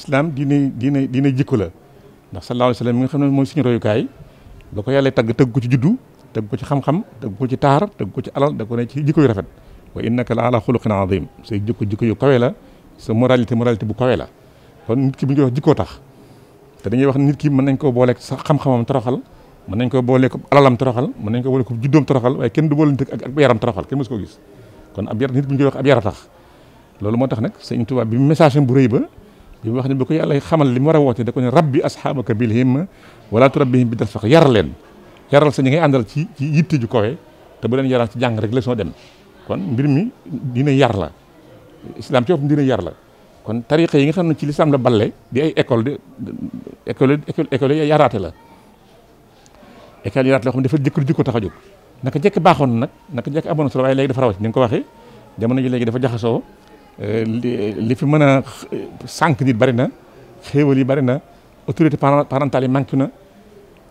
islam diine diine diine jikko la ndax sallallahu alayhi wa sallam mi nga xam ne mooy suñu royukaay ba ko yàlla tagg tagg ko ci juddu tagg ko ci xam-xam tagg ko ci taar tagg ko ci alal da ko ne ci jikko yu rafet wa innaka la ala xuluqin azim say jikko jikko yu kawe la sa moralité la kon nit ki bu ñu tax te dañuy wax nit ki mën nañ koo booleeg sa xam-xamam toroxal mën nañ ko booleeg alalam toroxal mën nañ ko booleeg juddoom toroxal waaye kenn du boolante ak ak yaram toroxal kenn mës koo gis kon ab yara tax loolu moo tax nag sëñ tubaab bi message bu rëy ba bi wax ni bu ko yalla ya xamal li mu war da ko ni rabbi ashabaka bil him wala turabbihim bi dal yar len yaral sa ñi ngay andal ci ci yitte ju kowe te bu len yaral ci jang rek dem kon mbir mi dina yar la islam ci dina yar la kon tariqa yi nga xamne ci l'islam la balle di ay école de école école ya yarate la école yarate la xam dafa jëkk jikko taxajuk a jóg naka jekk baaxoon nag naka jekk amoon dafa rawati ni ko waxe jamono ji legi dafa jaxaso li fi mën a sànq nit bari na xéewal yi bari na autorité parentale yi manqué na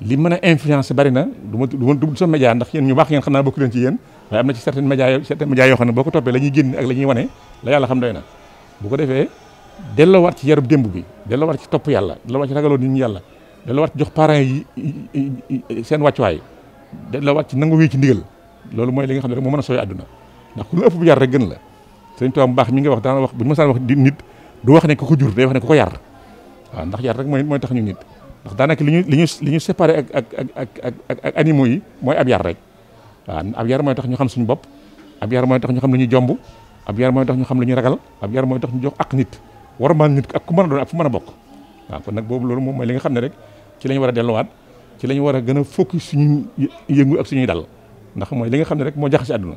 li mën a influence bari na du ma du ma dugg sa média ndax yéen ñu baax yéen xam naa bokk leen ci yéen waaye am na ci certains médias certains médias yoo xam ne boo ko toppee la génn ak la wane la yàlla xam doy na bu ko defee delloowaat ci yarub démb bi delloowaat ci topp yàlla delloowaat ci ragaloo nit ñi yàlla delloowaat ci jox parents yi seen wàccuwaay delloowaat ci nangu wii ci ndigal loolu mooy li nga xam ne rek moo mën a sooy àdduna ndax ku bu yar rek gën la sëñ Tuubaa mbax mi nga wax daana wax bu ñu mësaan wax nit du wax ne ko ko jur day wax ne ko ko yar wa ndax yar rek moy moy tax ñu nit ndax daanaka ki liñu liñu liñu séparer ñu ak ak ak ak ak animaux yi moy ab yar rek wa ab yar moy tax ñu xam suñu bop ab yar moy tax ñu xam lu ñu jombu ab yar moy tax ñu xam lu ñu ragal ab yar moy tax ñu jox ak nit war man nit ak ku mëna doon ak fu mëna bok wa waaw kon nag boobu loolu moom mooy li nga xam ne rek ci lañu wara delu wat ci lañu wara gëna focus suñu yëngu ak suñu dal ndax moy li nga xam ne rek mo jax si àdduna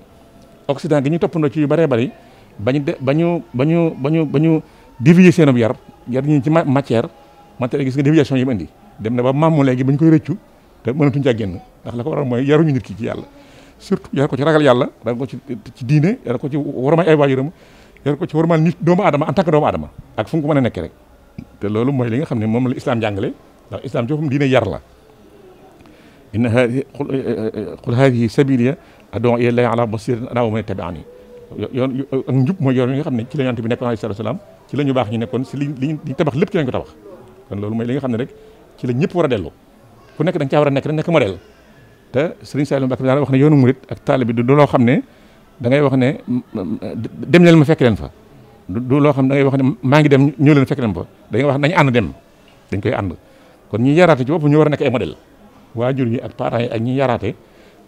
occident gi ñu toppandoo ci yu bare bare bañu de bañu bañu bañu bañu dévier seen yar yar ñi ci matière matière gis nga déviation yi mu indi dem na ba maamu léegi bañ koy rëccu te mënatuñ caa génn ndax la ko waral mooy yaruñu nit ki ci yàlla surtout yar ko ci ragal yàlla yar ko ci ci diine yar ko ci warmal ay waajuram yar ko ci warmal nit doomu aadama en tant doomu aadama ak fu mu ko a nekkee rek te loolu mooy li nga xam ne moom la islam jàngale ndax islam ci foofu diine yar la inna haadi qul haadihi eh, eh, eh, sabiliya ad'u ilallaahi ala basiratin ana wa man tabi'ani yoon ak njub mooy yoon nga xam ne ci la ant bi nekkoon alayhi salaam ci la ñu baax ñu nekkoon si li liñ tabax lépp ci lañ ko tabax kon loolu mooy li nga xam ne rek ci la ñëpp war a dellu ku nekk da nga caa war a nekk rek nekk modèle te Serigne Saliou Mbacké daal wax ne yoonu murit ak taalibe bi du loo xam ne da ngay wax ne dem leen ma fekk leen fa du loo xam ne ngay wax ne maa ngi dem ñëw leen fekk leen fa da ngay wax nañu ànd dem dañ koy ànd kon ñi yaraate ci bopp ñu war a nekk ay waa jur yi ak parents yi ak ñi yaraate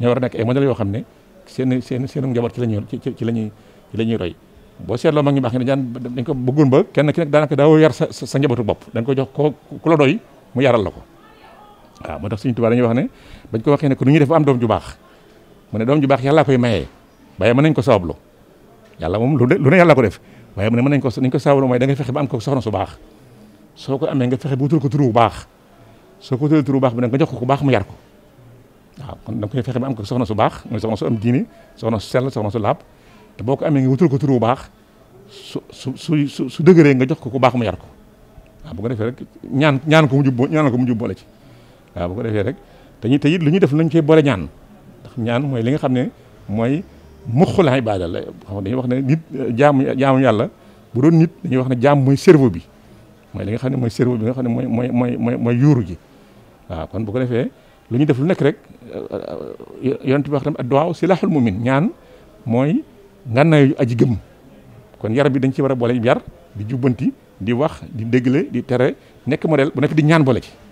ñoo war a nekk ay modèle yoo xam ne seen seen seen njaboot ci la ñuy ci la ci la ñuy roy boo seetloo mag ñu baax ne daan dañ ko bëggoon ba kenn ki nag daanaka daawoo yar sa sa njabootu bopp dañ ko jox ko ku la mu yaral la ko waaw moo tax Sëriñ Tuubaa dañuy wax ne bañ ko waxee ne ko nu ñuy def am doom ju baax mu ne doom ju baax yàllaa koy mayee waaye mën nañ ko sabablu yàlla moom lu ne yàlla ko def waaye mu ne mën nañ ko nañ ko sabablu mooy da nga fexe ba am ko soxna su baax soo ko amee nga fexe ba ko turu bu baax soo ko wutal baax bi nag nga jox ko ku baax mu yar ko waaw kon da nga fexe ba am soxna su baax mooy soxna su am diine soxna su sell te boo ko amee ko tur bu baax su su su su su dëgëree nga jox ko ku baax mu yar ko waaw bu ko defee rek ñaan ñaan ko mu jub ñaanal ko mu jub boole ci waaw ko defee rek te ñu it lu ñuy def nañ cee boole ñaan ndax ñaan mooy li nga xam ne mooy muxu la ibaada la xam dañuy wax ne nit jaamu jaamu yàlla bu doon nit dañuy wax ne jaam mooy cerveau bi mooy li nga xam ne mooy cerveau bi nga xam ne mooy mooy mooy mooy yuuru ji waaw kon bu ko defee lu ñu def lu nekk rek euh, euh, yonent bi wax tam adduwaa silaaxul mumin ñaan mooy ngànnaayu aji gëm kon yar bi dañ ci war a boole yar di jubbanti di wax di dégle di tere nekk modèle bu nekk di ñaan boole ci